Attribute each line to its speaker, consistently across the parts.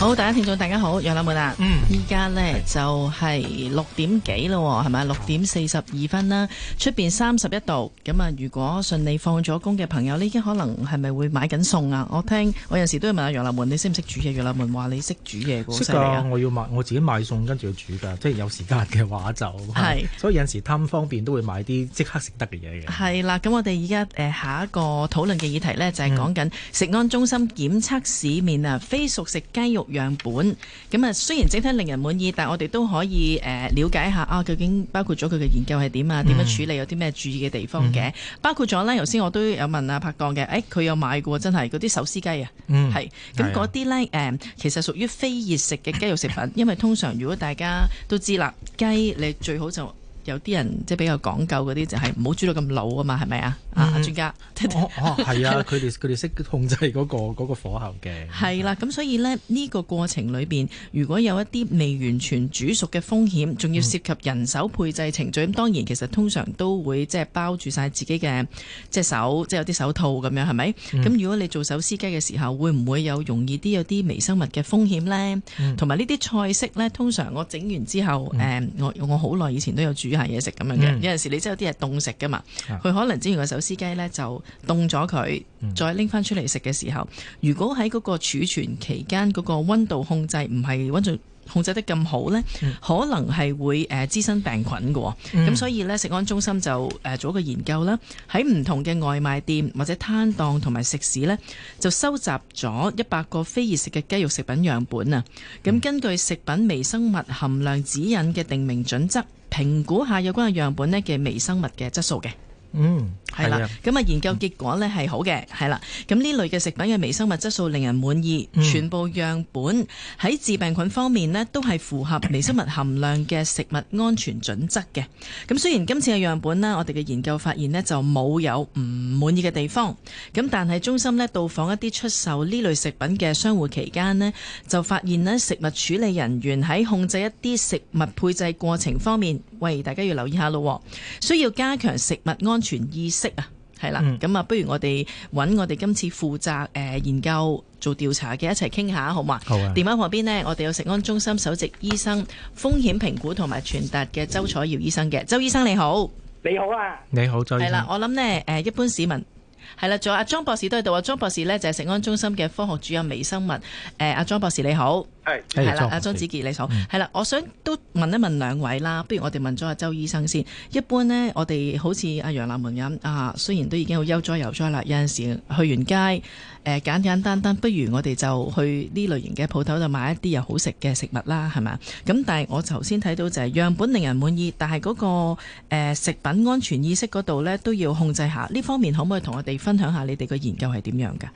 Speaker 1: 好，大家聽眾，大家好，楊立門啊，嗯，依家呢就係、是、六點幾咯、哦，係咪六點四十二分啦、啊，出邊三十一度，咁啊，如果順利放咗工嘅朋友，呢家可能係咪會買緊餸啊？我聽我有時都要問下、啊、楊立門，你識
Speaker 2: 唔識煮嘢？楊立門話你識煮嘢噶，識、嗯、啊！我要買，我自己買餸跟住要煮噶，即係有時間嘅話就係，所以有陣時貪方便都會買啲即刻食得嘅嘢嘅。
Speaker 1: 係啦，咁我哋而家誒下一個討論嘅議題呢，就係講緊食安中心檢測市面啊、嗯、非熟食雞肉。樣本咁啊，雖然整體令人滿意，但係我哋都可以誒、呃、了解一下啊，究竟包括咗佢嘅研究係點啊？點、嗯、樣處理有啲咩注意嘅地方嘅、嗯？包括咗咧，頭先我都有問阿、啊、柏檔嘅，誒、哎、佢有買過真係嗰啲手撕雞啊，係咁嗰啲咧誒，其實屬於非熟食嘅雞肉食品，因為通常如果大家都知啦，雞你最好就有啲人即係、就是、比較講究嗰啲，就係唔好煮到咁老啊嘛，係咪啊？啊，專家，哦、嗯、 哦，係、哦、啊，佢
Speaker 2: 哋佢哋識控制嗰、那個嗰、那個、火候嘅，
Speaker 1: 係啦、啊，咁、嗯、所以咧呢、這個過程裏面，如果有一啲未完全煮熟嘅風險，仲要涉及人手配製程序，咁、嗯、當然其實通常都會即係包住晒自己嘅隻手，即係有啲手套咁樣，係咪？咁、嗯、如果你做手撕雞嘅時候，會唔會有容易啲有啲微生物嘅風險咧？同埋呢啲菜式咧，通常我整完之後，嗯嗯、我我好耐以前都有煮下嘢食咁樣嘅、嗯，有陣時你真係有啲係凍食噶嘛，佢、啊、可能之前嘅手。司機呢就凍咗佢，再拎翻出嚟食嘅時候，如果喺嗰個儲存期間嗰個溫度控制唔係溫度控制得咁好呢，可能係會誒滋生病菌喎。咁、嗯、所以呢，食安中心就誒、啊、做一個研究啦，喺唔同嘅外賣店或者攤檔同埋食肆呢，就收集咗一百個非熱食嘅雞肉食品樣本啊。咁根據食品微生物含量指引嘅定名準則，評估下有關嘅樣本呢嘅微生物嘅質素嘅。嗯，係啦，咁啊研究結果呢，係好嘅，係啦，咁呢類嘅食品嘅微生物質素令人滿意，嗯，全部樣本喺致病菌方面呢，都係符合微生物含量嘅食物安全準則嘅。咁雖然今次嘅樣本呢，我哋嘅研究發現呢，就冇有唔滿意嘅地方，咁但係中心呢，到訪一啲出售呢類食品嘅商戶期間呢，就發現呢食物處理人員喺控制一啲食物配製過程方面，喂，大家要留意下咯，需要加強食物安。安全意識啊，係啦，咁、嗯、啊，不如我哋揾我哋今次負責誒、呃、研究做調查嘅一齊傾下好嘛？好啊！電話旁邊咧，我哋有食安中心首席醫生風險評估同埋傳達嘅周楚耀醫生嘅，周醫生你好，
Speaker 2: 你好啊，你好周醫生。
Speaker 1: 係啦，我諗呢，誒，一般市民係啦，仲有阿莊博士都喺度啊，莊博士呢，就係食安中心嘅科學主任微生物誒，阿莊博士你好。
Speaker 2: 係係啦，阿 莊、啊、梓
Speaker 1: 傑你講係啦，嗯嗯我想都問一問兩位啦。不如我哋問咗阿周醫生先。一般呢，我哋好似阿楊立門咁啊，雖然都已經好悠哉悠哉啦，有陣時去完街，誒、啊、簡簡單單，不如我哋就去呢類型嘅鋪頭度買一啲又好食嘅食物啦，係咪？咁但係我頭先睇到就係樣本令人滿意，但係嗰、那個誒、啊、食品安全意識嗰度呢，都要控制下。呢方面可唔可以同我哋分享下你哋個研究係點樣噶？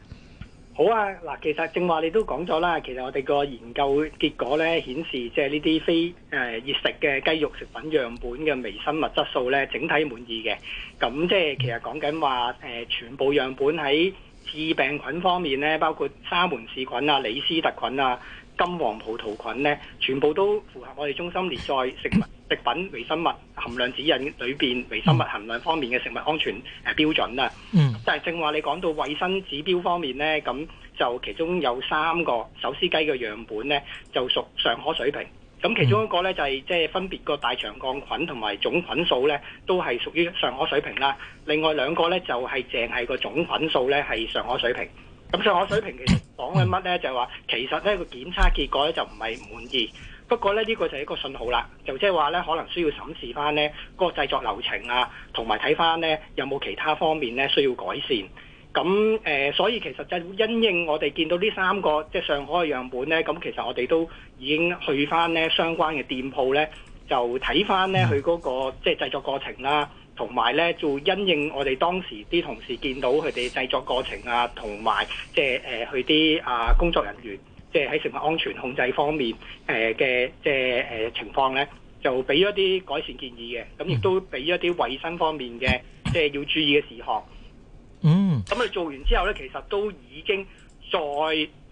Speaker 3: 好啊，嗱，其實正話你都講咗啦，其實我哋個研究結果咧顯示這些，即係呢啲非誒熱食嘅雞肉食品樣本嘅微生物質素咧，整體滿意嘅。咁即係其實講緊話誒，全部樣本喺致病菌方面咧，包括沙門氏菌啊、李斯特菌啊。金黃葡萄菌呢，全部都符合我哋中心列載食物 食品微生物含量指引裏面微生物含量方面嘅食物安全標準啦。嗯， 但係正話你講到衞生指標方面呢，咁就其中有三個手撕雞嘅樣本呢，就屬尚可水平。咁其中一個呢，就係、是、即分別個大腸桿菌同埋總菌數呢，都係屬於尚可水平啦。另外兩個呢，就係淨係個總菌數呢，係尚可水平。咁尚可水平其實。 講緊乜咧？就係話其實咧個檢測結果咧就唔係滿意，不過咧呢個就係一個信號啦，就即係話咧可能需要審視翻咧、嗰個製作流程啊，同埋睇翻咧有冇其他方面咧需要改善。咁誒、呃，所以其實就因應我哋見到呢三個即係、就是、上海嘅樣本咧，咁其實我哋都已經去翻咧相關嘅店鋪咧，就睇翻咧佢嗰個即係製作過程啦、啊。同埋咧，就因應我哋當時啲同事見到佢哋製作過程啊，同埋即係誒佢啲啊工作人員，即係喺食物安全控制方面誒嘅、呃、即係誒、呃、情況咧，就俾咗啲改善建議嘅，咁亦都俾咗啲衞生方面嘅即係要注意嘅事項。
Speaker 2: 嗯，
Speaker 3: 咁佢做完之後咧，其實都已經再。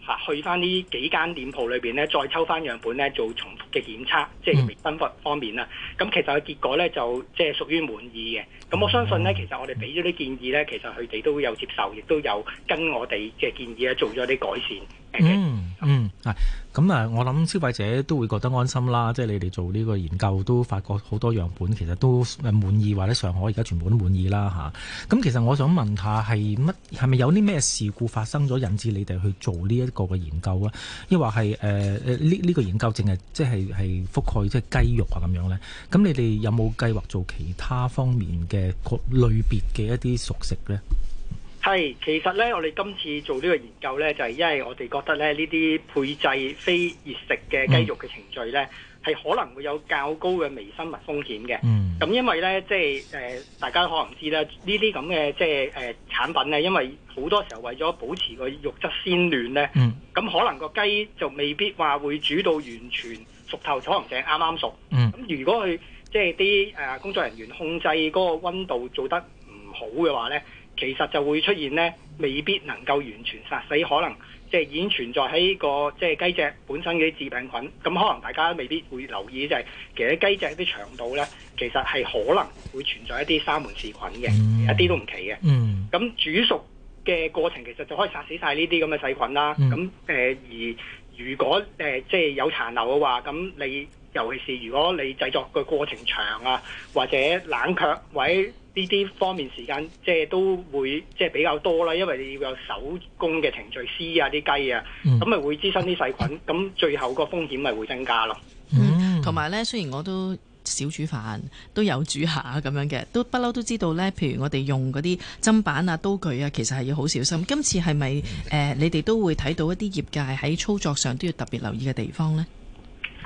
Speaker 3: 嚇，去翻呢幾間店鋪裏面，咧，再抽翻樣本咧做重複嘅檢測，即係微生物方面啦。咁其實個結果咧就即係屬於滿意嘅。咁我相信咧，其實我哋俾咗啲建議咧，其實佢哋都有接受，亦都有跟我哋嘅建議啊，做咗啲改善。
Speaker 2: 嗯嗯，咁、嗯、啊，我諗消費者都會覺得安心啦。即、就、係、是、你哋做呢個研究，都發覺好多樣本其實都滿意，或者上海而家全部滿意啦，咁、啊、其實我想問下，係乜係咪有啲咩事故發生咗，引致你哋去做呢一個嘅研究啊？亦或係誒誒呢呢個研究淨係即係覆蓋即係雞肉啊咁樣咧？咁你哋有冇計劃做其他方面嘅類別嘅一啲熟食咧？
Speaker 3: 係，其實咧，我哋今次做呢個研究咧，就係、是、因為我哋覺得咧，呢啲配製非熱食嘅雞肉嘅程序咧，係、嗯、可能會有較高嘅微生物風險嘅。咁、嗯嗯、因為咧，即係、呃、大家可能知啦，呢啲咁嘅即係誒產品咧，因為好多時候為咗保持個肉質鮮嫩咧，咁、嗯、可能個雞就未必話會煮到完全熟透，可能正啱啱熟。咁、嗯嗯、如果佢即係啲誒工作人員控制嗰個温度做得唔好嘅話咧。其實就會出現呢，未必能夠完全殺死，可能即係已經存在喺個即係雞隻本身嘅致病菌。咁可能大家未必會留意、就係，就係其實啲雞隻啲腸道呢，其實係可能會存在一啲沙門氏菌嘅、嗯，一啲都唔奇嘅。咁、嗯、煮熟嘅過程其實就可以殺死晒呢啲咁嘅細菌啦。咁、嗯、誒、呃，而如果誒、呃、即係有殘留嘅話，咁你。尤其是如果你製作嘅過程長啊，或者冷卻或者呢啲方面時間，即係都會即係比較多啦。因為你要有手工嘅程序絲啊啲雞啊，咁、嗯、咪會滋生啲細菌，咁最後個風險咪會增加咯。
Speaker 1: 同、嗯、埋呢，雖然我都少煮飯，都有煮下咁樣嘅，都不嬲都知道呢，譬如我哋用嗰啲砧板啊、刀具啊，其實係要好小心。今次係咪誒？你哋都會睇到一啲業界喺操作上都要特別留意嘅地方呢？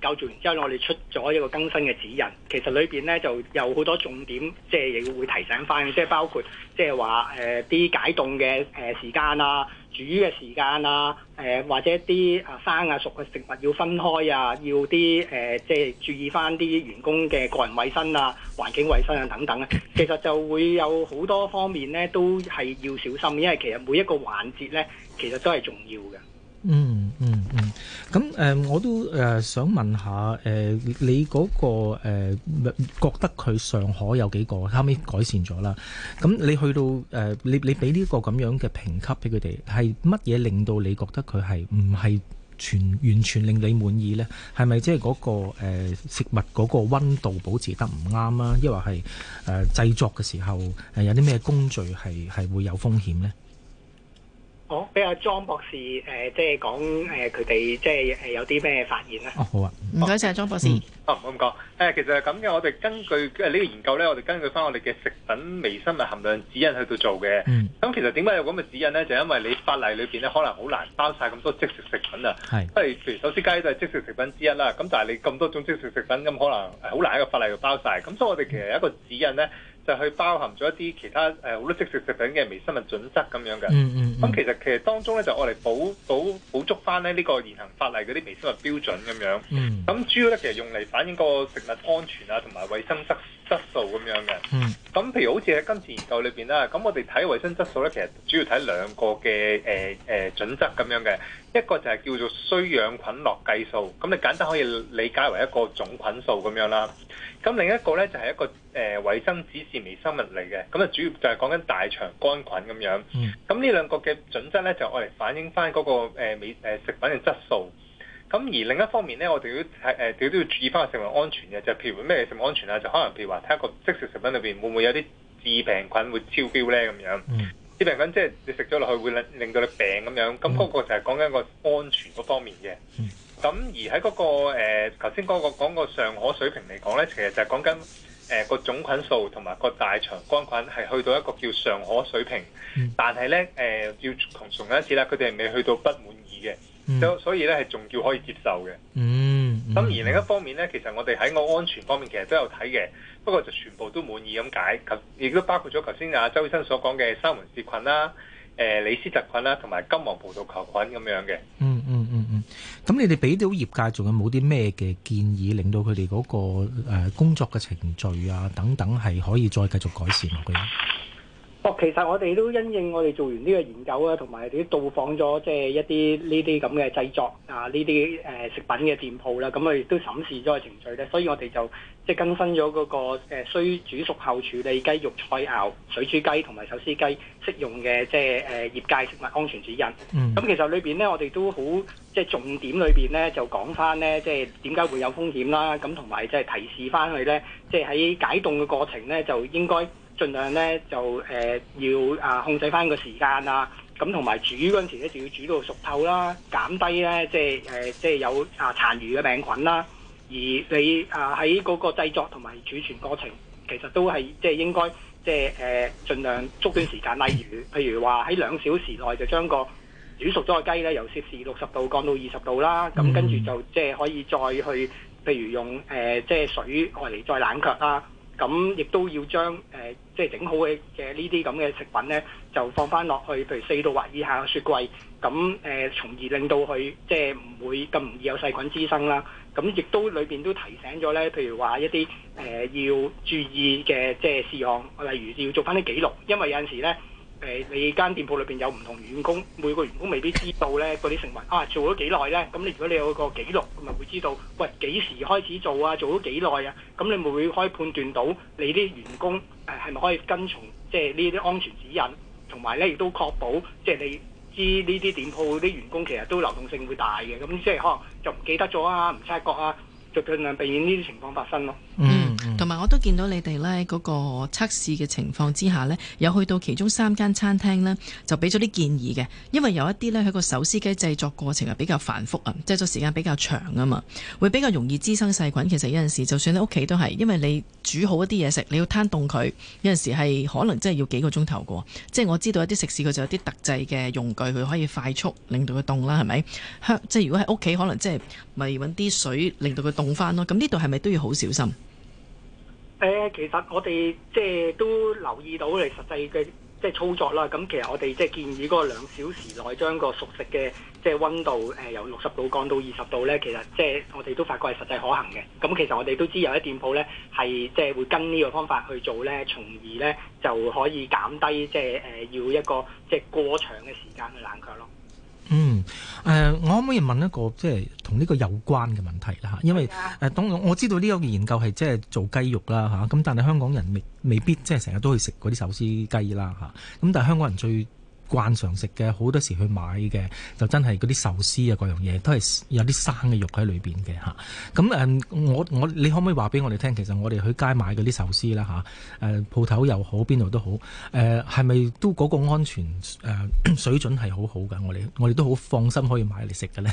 Speaker 3: 教做完之後，我哋出咗一個更新嘅指引。其實裏邊咧就有好多重點，即係亦會提醒翻，即係包括即係話誒啲解凍嘅誒時間啊、煮嘅時間啊、誒或者啲啊生啊熟嘅食物要分開啊，要啲誒即係注意翻啲員工嘅個人衞生啊、環境衞生啊等等咧。其實就會有好多方面咧，都係要小心，因為其實每一個環節咧，其實都係重要嘅。嗯嗯
Speaker 2: 嗯。咁誒、呃，我都誒、呃、想問下誒、呃，你嗰、嗰個誒、呃、覺得佢上海有幾個，後尾改善咗啦。咁你去到誒、呃，你你俾呢個咁樣嘅評級俾佢哋，係乜嘢令到你覺得佢係唔係全完全令你滿意咧？係咪即係嗰個、呃、食物嗰個溫度保持得唔啱啊？抑或係誒、呃、製作嘅時候、呃、有啲咩工序係係會有風險咧？
Speaker 3: 俾阿莊博士誒，即、呃、係講誒佢哋即係有啲
Speaker 4: 咩發現咧、哦？
Speaker 1: 好啊，唔該晒莊博士。嗯、
Speaker 4: 哦，我唔講其實係咁嘅。我哋根據呢、呃呢個研究咧，我哋根據翻我哋嘅食品微生物含量指引去到做嘅。嗯。咁、嗯、其實點解有咁嘅指引咧？就因為你法例裏面咧，可能好難包晒咁多即食食品啊。係。即係譬如、如手撕雞就係即食食品之一啦。咁但係你咁多種即食食品，咁可能好難喺個法例度包晒。咁所以我哋其實有一個指引咧。就係包含咗一啲其他誒好多即食食品嘅微生物準則，咁樣嘅。嗯嗯。咁其實其實當中咧就我嚟補補補足翻咧呢個現行法例嗰啲微生物標準咁樣。嗯。咁主要咧其實用嚟反映個食物安全啊同埋衛生質質素咁樣嘅。嗯。咁譬如好似喺今次研究裏邊啦，咁我哋睇衞生質素咧，其實主要睇兩個嘅誒誒準則咁樣嘅。一個就係叫做需氧菌落計數，咁你簡單可以理解為一個總菌數咁樣啦。咁另一個咧就係、是、一個誒衞、呃、生指示微生物嚟嘅，咁啊主要就係講緊大腸乾菌咁樣。咁、嗯、呢兩個嘅準則咧，就我嚟反映翻、那、嗰個美、呃、食品嘅質素。咁而另一方面咧，我哋要哋都、呃、要注意翻食物安全嘅，就是、譬如咩食物安全啊？就可能譬如話睇一個即食物食品裏面會唔會有啲致病菌會超標咧咁樣、嗯？致病菌即係你食咗落去會令令到你病咁樣。咁、那、嗰個就係講緊個安全嗰方面嘅。嗯。咁、嗯、而喺嗰、那個誒，頭先嗰個講個尚可水平嚟講咧，其實就係講緊誒、呃、個總菌數同埋個大腸桿菌係去到一個叫尚可水平，嗯、但係咧誒要重重講一次啦，佢哋係未去到不滿意嘅、嗯，所所以咧係仲叫可以接受嘅。嗯，
Speaker 2: 咁、嗯嗯
Speaker 4: 嗯、而另一方面咧，其實我哋喺個安全方面其實都有睇嘅，不過就全部都滿意咁解，亦都包括咗頭先阿周醫生所講嘅沙門氏菌啦。誒、呃，李斯特菌啦，同埋金黃葡萄球菌咁樣嘅。
Speaker 2: 嗯嗯嗯嗯，咁、嗯嗯、你哋俾到業界仲有冇啲咩嘅建議，令到佢哋嗰個誒工作嘅程序啊等等，係可以再繼續改善嘅？
Speaker 3: 其實我哋都因應我哋做完呢個研究這這啊，同埋啲到訪咗即係一啲呢啲咁嘅製作啊，呢啲食品嘅店鋪啦，咁我亦都審視咗個程序咧，所以我哋就即係更新咗嗰、嗰個需、呃、煮熟後處理雞肉、菜鴨、水煮雞同埋手撕雞適用嘅即係誒、啊、業界食物安全指引。咁、嗯、其實裏面咧，我哋都好即係重點裏面咧，就講翻咧，即係點解會有風險啦，咁同埋即係提示翻佢咧，即係喺解凍嘅過程咧，就應該，盡量咧就、呃、要啊控制翻個時間啦，咁同埋煮嗰陣時咧就要煮到熟透啦，減低咧即係、呃、即係有啊殘餘嘅病菌啦。而你啊喺嗰個製作同埋儲存過程，其實都係即係應該即係誒、呃、盡量縮短時間。例如譬如話喺兩小時內就將個煮熟咗嘅雞咧由攝氏六十度降到二十度啦，咁跟住就即係可以再去譬如用、呃、即係水嚟再冷卻啦。咁亦都要將誒即係整好嘅嘅呢啲咁嘅食品咧，就放翻落去譬如四度或以下嘅雪櫃，咁、呃、從而令到佢即係唔會咁容易有細菌滋生啦。咁亦都裏面都提醒咗咧，譬如話一啲誒、呃、要注意嘅即係事項，例如要做翻啲記錄，因為有陣時咧。誒、呃，你間店鋪裏面有唔同員工，每個員工未必知道呢啲成分啊，做咗幾耐呢？咁你如果你有個記錄，咁咪會知道，喂，幾時開始做啊？做咗幾耐啊？咁你會可以判斷到你啲員工係咪、呃、可以跟從即係呢啲安全指引，同埋呢亦都確保即係、就是、你知呢啲店鋪啲員工其實都流動性會大嘅，咁即係可能就唔記得咗啊，唔察覺啊，就盡量避免呢啲情況發生咯。嗯。
Speaker 1: 同埋我都見到你哋呢嗰個測試嘅情況之下呢，有去到其中三間餐廳呢，就俾咗啲建議嘅。因為有一啲呢，佢個手撕雞製作過程係比較繁複啊，製作時間比較長啊嘛，會比較容易滋生細菌。其實有陣時就算喺屋企都係，因為你煮好一啲嘢食，你要攤凍佢，有陣時係可能真係要幾個鐘頭過，即係我知道一啲食肆，佢就有啲特製嘅用具，佢可以快速令到佢凍啦，係咪？即係如果喺屋企，可能即係咪揾啲水令到佢凍翻咯？咁呢度係咪都要好小心？
Speaker 3: 誒、呃，其實我哋即係都留意到嚟實際嘅即係操作啦。咁其實我哋即係建議嗰個兩小時內將個熟食嘅即係溫度誒、呃、由六十度降到二十度咧，其實即係我哋都發覺係實際可行嘅。咁其實我哋都知道有啲店鋪咧係即係會跟呢個方法去做咧，從而咧就可以減低即係誒、呃、要一個即係過
Speaker 2: 長嘅時間去冷卻咯。嗯，誒、呃，我可唔可以問一個即係同呢個有關嘅問題啦？因為誒、呃，當我知道呢個研究係即係做雞肉啦，咁、啊、但係香港人未未必即係成日都去食嗰啲手撕雞啦，咁、啊、但係香港人最慣常食嘅好多時去買嘅就真係嗰啲壽司啊，各樣嘢都係有啲生嘅肉喺裏邊嘅嚇。咁誒，我我你可唔可以話俾我哋聽？其實我哋去街買嗰啲壽司啦嚇，誒鋪頭又好，邊度都好，誒係咪都嗰個安全誒、啊、 水準係好好㗎？我哋我哋都好放心可以買嚟食嘅咧。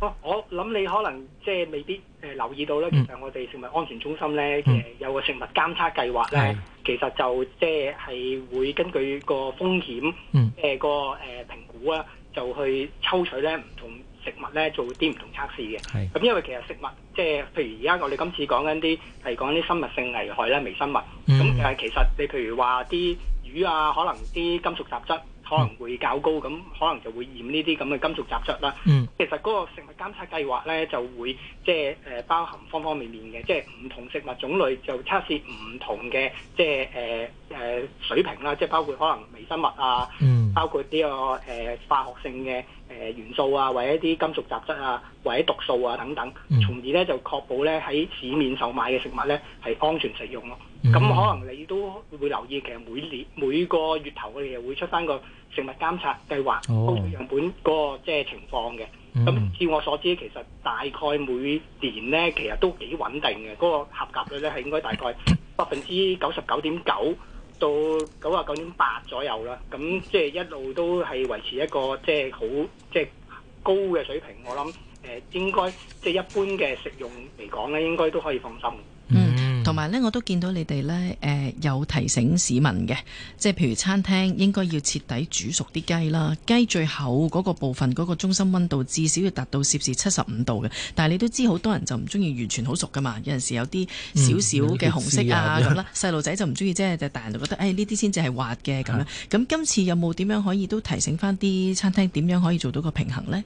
Speaker 4: 哦，我諗你可能
Speaker 3: 即係未必誒、呃、留意到咧，其實我哋食物安全中心咧，誒、嗯、有個食物監測計劃咧，其實就即係係會根據個風險，誒、嗯呃、個誒評、呃、估啊，就去抽取咧唔同食物咧做啲唔同測試嘅。咁、嗯、因為其實食物即係譬如而家我哋今次講緊啲係講啲生物性危害咧，微生物。咁、嗯、誒、嗯、其實你譬如話啲魚啊，可能啲金屬雜質。嗯、可能會較高，咁可能就會驗呢啲咁嘅金屬雜質啦、嗯。其實嗰個食物監測計劃咧，就會即係、就是呃、包含方方面面嘅，即係唔同食物種類就測試唔同嘅即係水平啦，即、就、係、是、包括可能微生物啊，嗯、包括呢、這個誒、呃、化學性嘅。誒、呃、元素啊，或者一啲金屬雜質啊，或者毒素啊等等，從而咧就確保咧喺市面售賣嘅食物咧係安全食用咯。咁、嗯、可能你都會留意，其實每年每個月頭，佢哋會出翻個食物監察計劃，劃、哦那個樣本個即係情況嘅。咁、嗯、照我所知，其實大概每年咧其實都幾穩定嘅，嗰、那個合格率咧係應該大概百分之九十九點九。到九啊九點八左右啦，咁即係一路都係維持一個即係好即係高嘅水平，我諗誒、呃、應該即係、即係、一般嘅食用嚟講咧，應該都可以放心。
Speaker 1: 同埋咧，我都見到你哋咧，誒、呃、有提醒市民嘅，即係譬如餐廳應該要徹底煮熟啲雞啦。雞最厚嗰個部分嗰、嗰個中心温度至少要達到攝氏七十五度嘅。但係你都知好多人就唔中意完全好熟噶嘛，有陣時有啲少少嘅紅色啊咁、嗯、啦。細路仔就唔中意啫，就是、大人就覺得誒呢啲先至係滑嘅咁樣。咁今次有冇點樣可以都提醒翻啲餐廳點樣可以做到個平衡呢？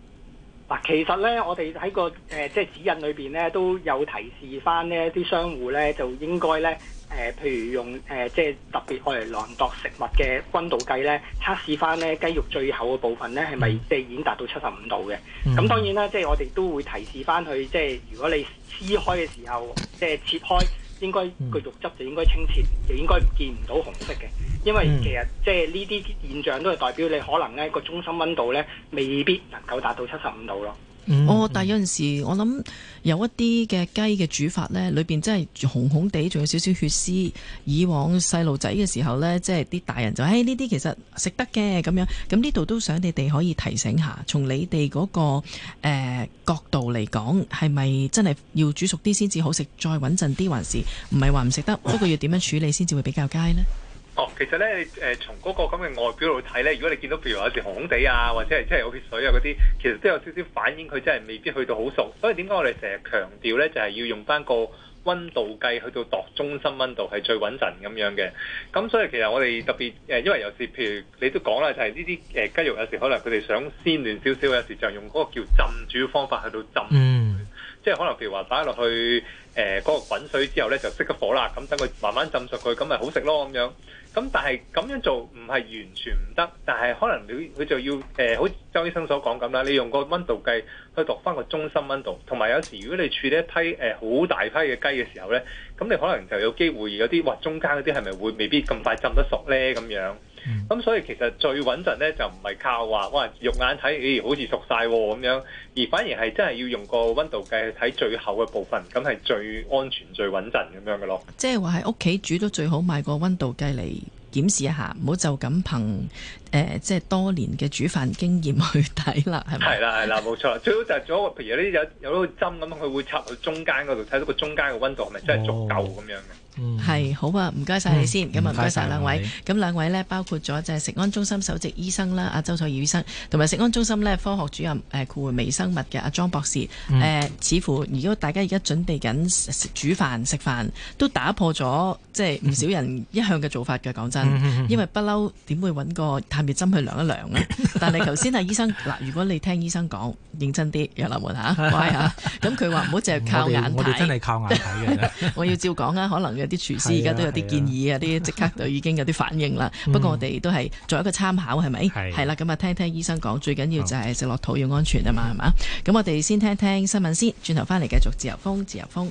Speaker 3: 嗱，其實咧，我哋喺個即、呃、指引裏面咧，都有提示翻呢啲商戶咧，就應該咧、呃、譬如用、呃、即係特別愛嚟量度食物嘅温度計咧，測試翻咧雞肉最厚嘅部分咧，係咪即係已經達到七十五度嘅？咁、嗯、當然啦，即係我哋都會提示翻佢，即係如果你撕開嘅時候，即係切開。應該個肉汁就應該清澈，就應該見唔到紅色嘅，因為其實即係呢啲現象都係代表你可能呢個中心温度呢未必能夠達到七十五度咯。
Speaker 1: 嗯嗯、哦，但有陣時我諗有一啲嘅雞嘅煮法呢，裏邊真係紅紅地，仲有少少血絲。以往細路仔嘅時候呢，即係啲大人就誒呢啲其實食得嘅咁樣。咁呢度都想你哋可以提醒下，從你哋嗰個、誒、角度嚟講，係咪真係要煮熟啲先至好食，再穩陣啲，還是唔係話唔食得？不過要點樣處理先至會比較佳呢？
Speaker 4: 哦，其實咧、呃，從嗰個咁嘅外表度睇咧，如果你見到譬如話有時紅紅地啊，或者係即係有血水啊嗰啲，其實都有少少反映佢真係未必去到好熟。所以點解我哋成日強調咧，就係、係、要用翻個温度計去到度中心温度係最穩陣咁樣嘅。咁所以其實我哋特別、呃、因為有時譬如你都講啦，就係呢啲雞肉有時可能佢哋想鮮嫩少少，有時就用嗰個叫浸煮方法去到浸。嗯。即係可能譬如話擺落去誒嗰、呃嗰個滾水之後咧就熄咗火啦，咁等佢慢慢浸熟佢，咁咪好食咯咁樣。咁但係咁樣做唔係完全唔得，但係可能你佢就要誒、呃、好似周醫生所講咁啦，你用個温度計去度翻個中心温度，同埋有，有時如果你處理一批誒好、呃、大批嘅雞嘅時候咧，咁你可能就有機會有啲，哇中間嗰啲係咪會未必咁快浸得熟咧咁樣？咁、嗯、所以其實最穩陣咧，就唔係靠話哇肉眼睇，咦、哎、好似熟晒喎咁樣，而反而係真係要用個温度計去睇最後嘅部分，咁係最安全、最穩陣咁樣嘅咯。
Speaker 1: 即係話喺屋企煮都最好買個温度計嚟檢視一下，唔好就咁憑誒、呃、即係多年嘅煮飯經驗去睇啦，係咪？
Speaker 4: 係啦係啦，冇錯。 最好就係做一個，譬如啲有有嗰個針咁樣，佢會插到中間嗰度，睇到個中間嘅温度係咪真係足夠咁樣嘅。哦。
Speaker 1: 係、嗯、好啊，唔該晒你先，咁啊唔該晒兩位，咁、嗯、兩位呢，包括咗就係食安中心首席醫生啦，阿周楚耀醫生，同埋食安中心咧科學主任誒，括、呃、微生物嘅阿莊博士，誒、嗯呃，似乎如果大家而家準備緊煮飯食飯，都打破咗即係唔少人一向嘅做法嘅，講真，因為不嬲點會搵個探熱針去量一量咧？但係頭先阿醫生嗱， 如果你聽醫生講認真啲，入嚟門吓，係啊，咁佢話唔好淨係靠眼睇，我哋真係靠眼睇嘅，我要照講啊，可能。有啲廚師而家都有啲建議啊，啲即刻就已經有啲反應啦、啊。不過我哋都係作一個參考，係 咪？係啦，咁啊，聽聽醫生講，最緊要就係食落肚要安全啊嘛，係嘛？咁我哋先聽聽新聞先，轉頭翻嚟繼續自由風，自由風。